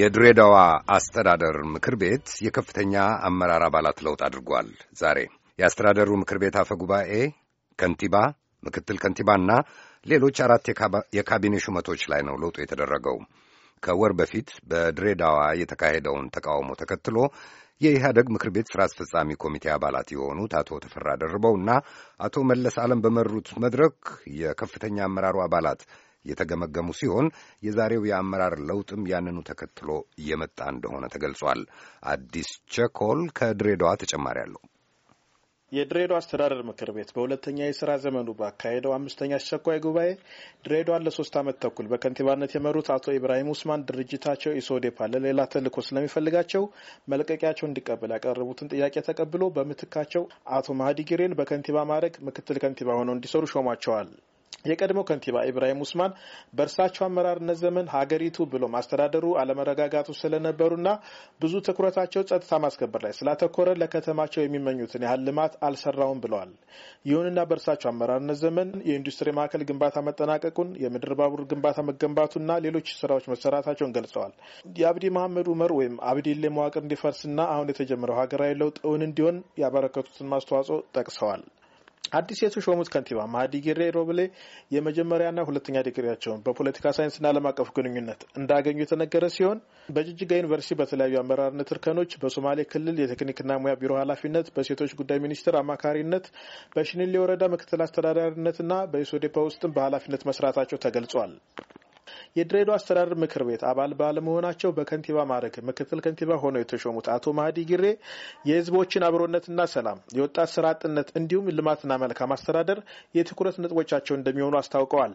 የድሬዳዋ አስተዳደር ምክር ቤት የከፍተኛ አመራር አባላት ለውጥ አድርጓል። ዛሬ የአስተዳደሩ ምክር ቤት አፈ ጉባኤ፣ ከንቲባ፣ ምክትል ከንቲባና ሌሎች አራት የካቢኔ ሹመቶች ላይ ነው ለውጡ የተደረገው። ከወር በፊት በድሬዳዋ የተካሄደውን ተቃውሞ ተከትሎ የኢህአደግ ምክር ቤት ሥራ አስፈጻሚ ኮሚቴ አባላት የሆኑት አቶ ተፈራ ደርበውና አቶ መለስ ዓለም በመሩት መድረክ የከፍተኛ አመራሩ አባላት የተገመገሙ ሲሆን የዛሬው የአመራር ለውጥም ያንኑ ተከትሎ የመጣ እንደሆነ ተገልጿል። አዲስ ቸኮል ከድሬዳዋ ተጨማሪ አለው። የድሬዳዋ አስተዳደር ምክር ቤት በሁለተኛ የስራ ዘመኑ ባካሄደው አምስተኛ አስቸኳይ ጉባኤ ድሬዳዋን ለሶስት ዓመት ተኩል በከንቲባነት የመሩት አቶ ኢብራሂም ውስማን ድርጅታቸው ኢሶዴፓ ለሌላ ተልዕኮ ስለሚፈልጋቸው መልቀቂያቸው እንዲቀበል ያቀረቡትን ጥያቄ ተቀብሎ በምትካቸው አቶ ማህዲ ጊሬን በከንቲባ ማዕረግ ምክትል ከንቲባ ሆነው እንዲሰሩ ሾሟቸዋል። የቀድሞ ከንቲባ ኢብራሂም ኡስማን በእርሳቸው አመራርነት ዘመን ሀገሪቱ ብሎ ማስተዳደሩ አለመረጋጋቱ ስለነበሩና ብዙ ትኩረታቸው ጸጥታ ማስከበር ላይ ስላተኮረ ለከተማቸው የሚመኙትን ያህል ልማት አልሰራውም ብለዋል። ይሁንና በእርሳቸው አመራርነት ዘመን የኢንዱስትሪ ማዕከል ግንባታ መጠናቀቁን፣ የምድር ባቡር ግንባታ መገንባቱና ሌሎች ስራዎች መሰራታቸውን ገልጸዋል። የአብዲ መሐመድ ኡመር ወይም አብዲሌ መዋቅር እንዲፈርስና አሁን የተጀመረው ሀገራዊ ለውጥ እውን እንዲሆን ያበረከቱትን ማስተዋጽኦ ጠቅሰዋል። አዲስ የተሾሙት ከንቲባ ማህዲ ጊሬ ሮብሌ የመጀመሪያና ሁለተኛ ዲግሪያቸውን በፖለቲካ ሳይንስና ዓለም አቀፍ ግንኙነት እንዳገኙ የተነገረ ሲሆን በጅጅጋ ዩኒቨርሲቲ በተለያዩ አመራርነት እርከኖች፣ በሶማሌ ክልል የቴክኒክና ሙያ ቢሮ ኃላፊነት፣ በሴቶች ጉዳይ ሚኒስቴር አማካሪነት፣ በሽንሌ ወረዳ ምክትል አስተዳዳሪነትና በኢሶዴፓ ውስጥም በኃላፊነት መስራታቸው ተገልጿል። የድሬዳዋ አስተዳደር ምክር ቤት አባል ባለመሆናቸው በከንቲባ ማዕረግ ምክትል ከንቲባ ሆነው የተሾሙት አቶ ማህዲ ጊሬ የህዝቦችን አብሮነትና ሰላም፣ የወጣት ስራ አጥነት እንዲሁም ልማትና መልካም አስተዳደር የትኩረት ነጥቦቻቸው እንደሚሆኑ አስታውቀዋል።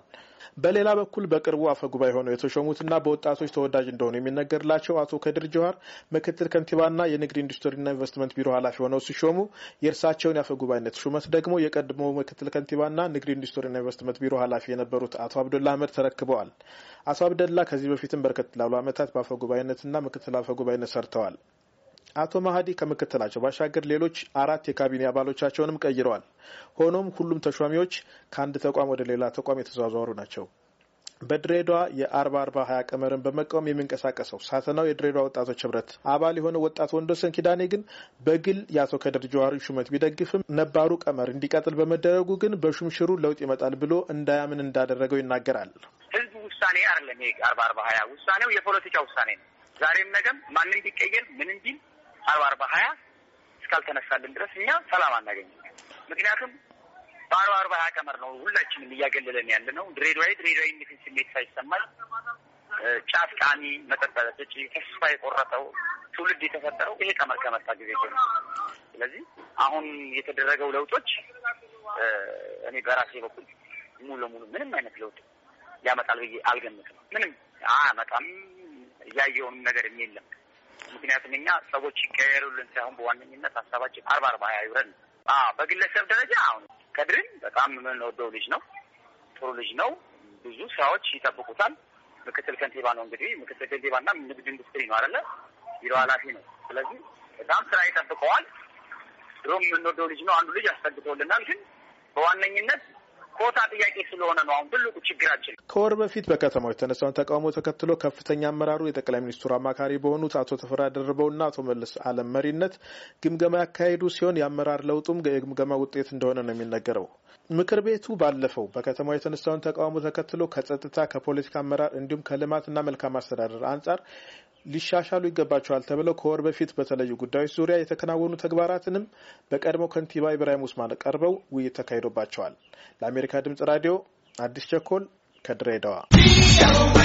በሌላ በኩል በቅርቡ አፈ ጉባኤ ሆነው የተሾሙትና በወጣቶች ተወዳጅ እንደሆኑ የሚነገርላቸው አቶ ከድር ጀዋር ምክትል ከንቲባና የንግድ ኢንዱስትሪና ኢንቨስትመንት ቢሮ ኃላፊ ሆነው ሲሾሙ የእርሳቸውን የአፈ ጉባኤነት ሹመት ደግሞ የቀድሞ ምክትል ከንቲባና ንግድ ኢንዱስትሪና ኢንቨስትመንት ቢሮ ኃላፊ የነበሩት አቶ አብዱላ አህመድ ተረክበዋል። አቶ አብደላ ከዚህ በፊትም በርከት ላሉ ዓመታት በአፈ ጉባኤነትና ምክትል አፈ ጉባኤነት ሰርተዋል። አቶ ማሀዲ ከምክትላቸው ባሻገር ሌሎች አራት የካቢኔ አባሎቻቸውንም ቀይረዋል። ሆኖም ሁሉም ተሿሚዎች ከአንድ ተቋም ወደ ሌላ ተቋም የተዘዋወሩ ናቸው። በድሬዳዋ የአርባ አርባ ሀያ ቀመርን በመቃወም የሚንቀሳቀሰው ሳተናው የድሬዳዋ ወጣቶች ህብረት አባል የሆነ ወጣት ወንዶሰን ኪዳኔ ግን በግል የአቶ ከድር ጀዋሪ ሹመት ቢደግፍም ነባሩ ቀመር እንዲቀጥል በመደረጉ ግን በሹምሽሩ ለውጥ ይመጣል ብሎ እንዳያምን እንዳደረገው ይናገራል። ውሳኔ አይደለም። ይሄ አርባ አርባ ሀያ ውሳኔው የፖለቲካ ውሳኔ ነው። ዛሬም ነገም ማንም ቢቀየር ምን እንዲል አርባ አርባ ሀያ እስካልተነሳልን ድረስ እኛ ሰላም አናገኝም። ምክንያቱም በአርባ አርባ ሀያ ቀመር ነው ሁላችንም እያገለለን ያለ ነው። ድሬዳዋ ድሬዳዋ የሚትን ስሜት ሳይሰማል ጫት ቃሚ፣ መጠጥ ጠጪ፣ ተስፋ የቆረጠው ትውልድ የተፈጠረው ይሄ ቀመር ከመጣ ጊዜ ነው። ስለዚህ አሁን የተደረገው ለውጦች እኔ በራሴ በኩል ሙሉ ለሙሉ ምንም አይነት ለውጥ ያመጣል ብዬ አልገምትም። ምንም አመጣም እያየውንም ነገር የለም። ምክንያቱም እኛ ሰዎች ይቀየሩልን ሳይሆን በዋነኝነት ሀሳባችን አርባ አርባ ያዩረን። በግለሰብ ደረጃ አሁን ከድርን በጣም የምንወደው ልጅ ነው፣ ጥሩ ልጅ ነው። ብዙ ስራዎች ይጠብቁታል። ምክትል ከንቲባ ነው እንግዲህ ምክትል ከንቲባና ንግድ ኢንዱስትሪ ነው አለ ቢሮ ኃላፊ ነው። ስለዚህ በጣም ስራ ይጠብቀዋል። ድሮም የምንወደው ልጅ ነው። አንዱ ልጅ አስጠግቶልናል። ግን በዋነኝነት ኮታ ጥያቄ ስለሆነ ነው አሁን ትልቁ ችግራችን። ከወር በፊት በከተማው የተነሳውን ተቃውሞ ተከትሎ ከፍተኛ አመራሩ የጠቅላይ ሚኒስትሩ አማካሪ በሆኑት አቶ ተፈራ ደርበውና አቶ መለስ አለም መሪነት ግምገማ ያካሄዱ ሲሆን የአመራር ለውጡም የግምገማ ውጤት እንደሆነ ነው የሚነገረው። ምክር ቤቱ ባለፈው በከተማው የተነሳውን ተቃውሞ ተከትሎ ከጸጥታ ከፖለቲካ አመራር እንዲሁም ከልማትና መልካም አስተዳደር አንጻር ሊሻሻሉ ይገባቸዋል ተብለው ከወር በፊት በተለዩ ጉዳዮች ዙሪያ የተከናወኑ ተግባራትንም በቀድሞ ከንቲባ ኢብራሂም ውስማን ቀርበው ውይይት ተካሂዶባቸዋል። ለአሜሪካ ድምጽ ራዲዮ አዲስ ቸኮል ከድሬዳዋ